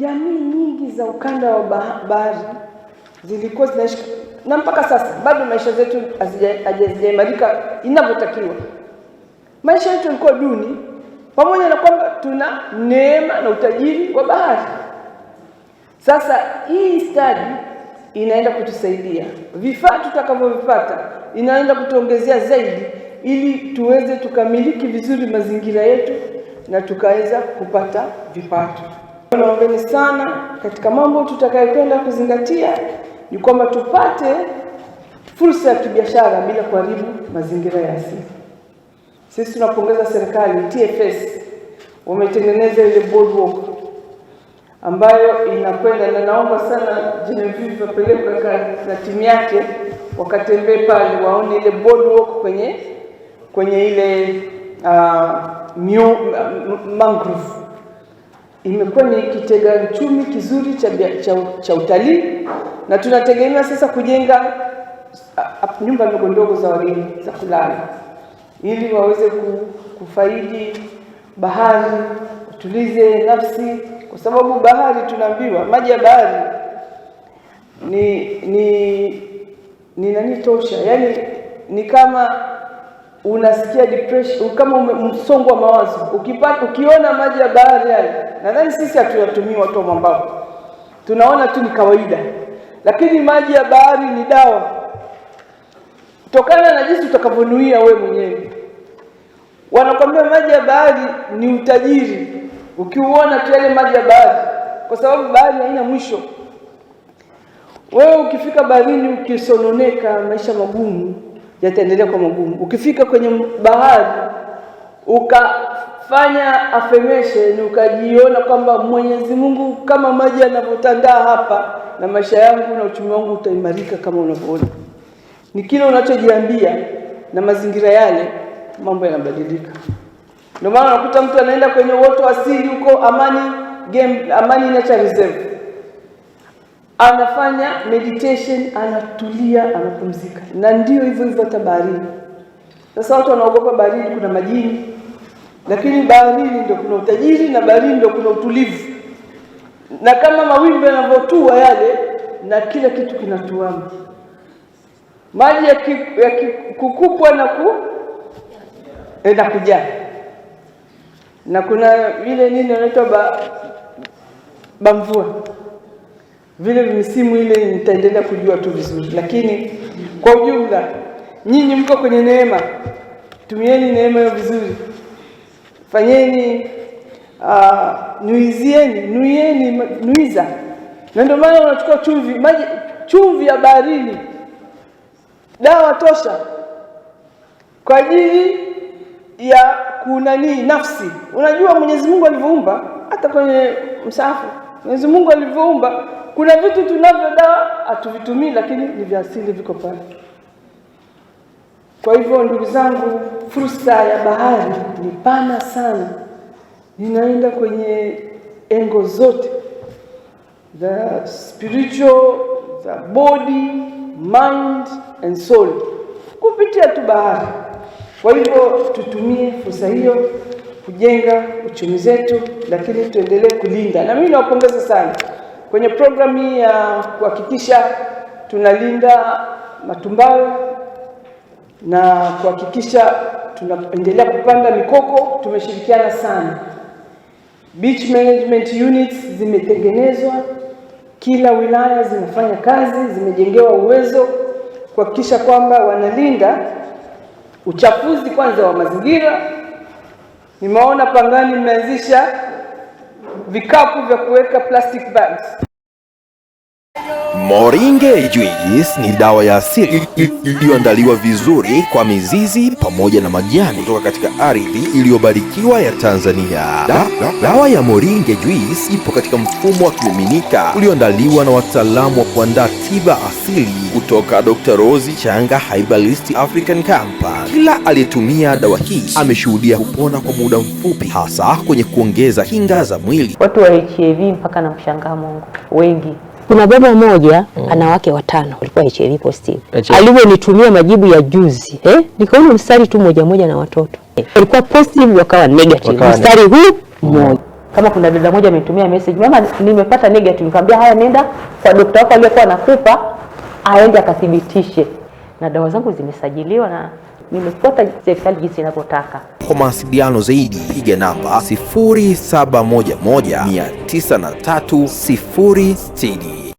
jamii nyingi za ukanda wa bahari zilikuwa zinaishi na mpaka sasa bado maisha zetu hazijaimarika inavyotakiwa. Maisha yetu yalikuwa duni, pamoja na kwamba tuna neema na utajiri wa bahari. Sasa hii stadi inaenda kutusaidia, vifaa tutakavyovipata inaenda kutuongezea zaidi, ili tuweze tukamiliki vizuri mazingira yetu na tukaweza kupata vipato. Naombeni sana katika mambo tutakayokwenda kuzingatia ni kwamba tupate fursa ya kibiashara bila kuharibu mazingira ya asili. Sisi tunapongeza serikali, TFS wametengeneza ile boardwalk ambayo inakwenda na naomba sana Genevieve wapelekwe na timu yake wakatembee pale waone ile boardwalk kwenye kwenye ile uh, mangrove imekuwa ni kitega uchumi kizuri cha, cha, cha utalii na tunategemea sasa kujenga nyumba ndogo ndogo za wageni za kulala ili waweze kufaidi bahari, utulize nafsi, kwa sababu bahari tunaambiwa maji ya bahari ni ni ni nani tosha, yani ni kama unasikia depression kama msongo wa mawazo ukipata, ukiona maji ya bahari yale. Nadhani sisi hatuyatumii watu wa mwambao, tunaona tu ni kawaida, lakini maji ya bahari ni dawa, kutokana na jinsi utakavyonuia wewe mwenyewe. Wanakwambia maji ya bahari ni utajiri, ukiuona tu yale maji ya bahari, kwa sababu bahari haina mwisho. Wewe ukifika baharini ukisononeka, maisha magumu yataendelea kwa magumu. Ukifika kwenye bahari ukafanya affirmation ukajiona kwamba Mwenyezi Mungu, kama maji yanavyotandaa hapa, na maisha yangu na uchumi wangu utaimarika kama unavyoona. Ni kile unachojiambia na mazingira yale, mambo yanabadilika. Ndio maana unakuta mtu anaenda kwenye uoto asili huko Amani Game, Amani inacha Reserve anafanya meditation, anatulia, anapumzika. Na ndio hivyo hivyo hata baharini. Sasa watu wanaogopa baharini, kuna majini, lakini baharini ndio kuna utajiri na baharini ndio kuna utulivu, na kama mawimbi yanavyotua yale, na kila kitu kinatuama, maji yakikukupwa na ku eh, na kujaa na kuna ile nini inaitwa ba bamvua vile simu ile nitaendelea kujua tu vizuri, lakini kwa ujumla, nyinyi mko kwenye neema, tumieni neema hiyo vizuri, fanyeni uh, nuizieni, nuieni, nuiza. Na ndio maana unachukua chumvi, maji, chumvi ya baharini, dawa tosha kwa ajili ya kunanii nafsi. Unajua Mwenyezi Mungu alivyoumba, hata kwenye msafu Mwenyezi Mungu alivyoumba kuna vitu tunavyo dawa hatuvitumii, lakini ni vya asili, viko pale. Kwa hivyo ndugu zangu, fursa ya bahari ni pana sana, inaenda kwenye engo zote za spiritual, za body, mind and soul, kupitia tu bahari. Kwa hivyo tutumie fursa hiyo kujenga uchumi zetu, lakini tuendelee kulinda, na mimi nawapongeza sana Kwenye programu hii ya kuhakikisha tunalinda matumbawe na kuhakikisha tunaendelea kupanda mikoko, tumeshirikiana sana. Beach management units zimetengenezwa, kila wilaya zinafanya kazi, zimejengewa uwezo kuhakikisha kwamba wanalinda uchafuzi kwanza wa mazingira. Nimeona Pangani mmeanzisha vikapu vya kuweka plastic bags Moringe Juice ni dawa ya asili iliyoandaliwa vizuri kwa mizizi pamoja na majani kutoka katika ardhi iliyobarikiwa ya Tanzania. Da, da, dawa ya Moringe Juice ipo katika mfumo wa kimiminika ulioandaliwa na wataalamu wa kuandaa tiba asili kutoka Dr. Rosi Changa Herbalist African Company. Kila aliyetumia dawa hii ameshuhudia kupona kwa muda mfupi, hasa kwenye kuongeza kinga za mwili. Watu wa HIV mpaka na mshangaa Mungu wengi kuna baba moja mm. ana wake watano, alikuwa HIV positive. Alivyonitumia majibu ya juzi eh, nikaona mstari tu moja moja na watoto eh, alikuwa positive wakawa negative, wakawa mstari huu mm. mmoja mm. Kama kuna dada moja amenitumia message, mama, nimepata negative. Nikamwambia haya, nenda kwa daktari wako aliyekuwa anakupa aende akathibitishe, na dawa zangu zimesajiliwa na nimepata serikali jinsi inavyotaka. Kwa mawasiliano zaidi piga namba 0711903060.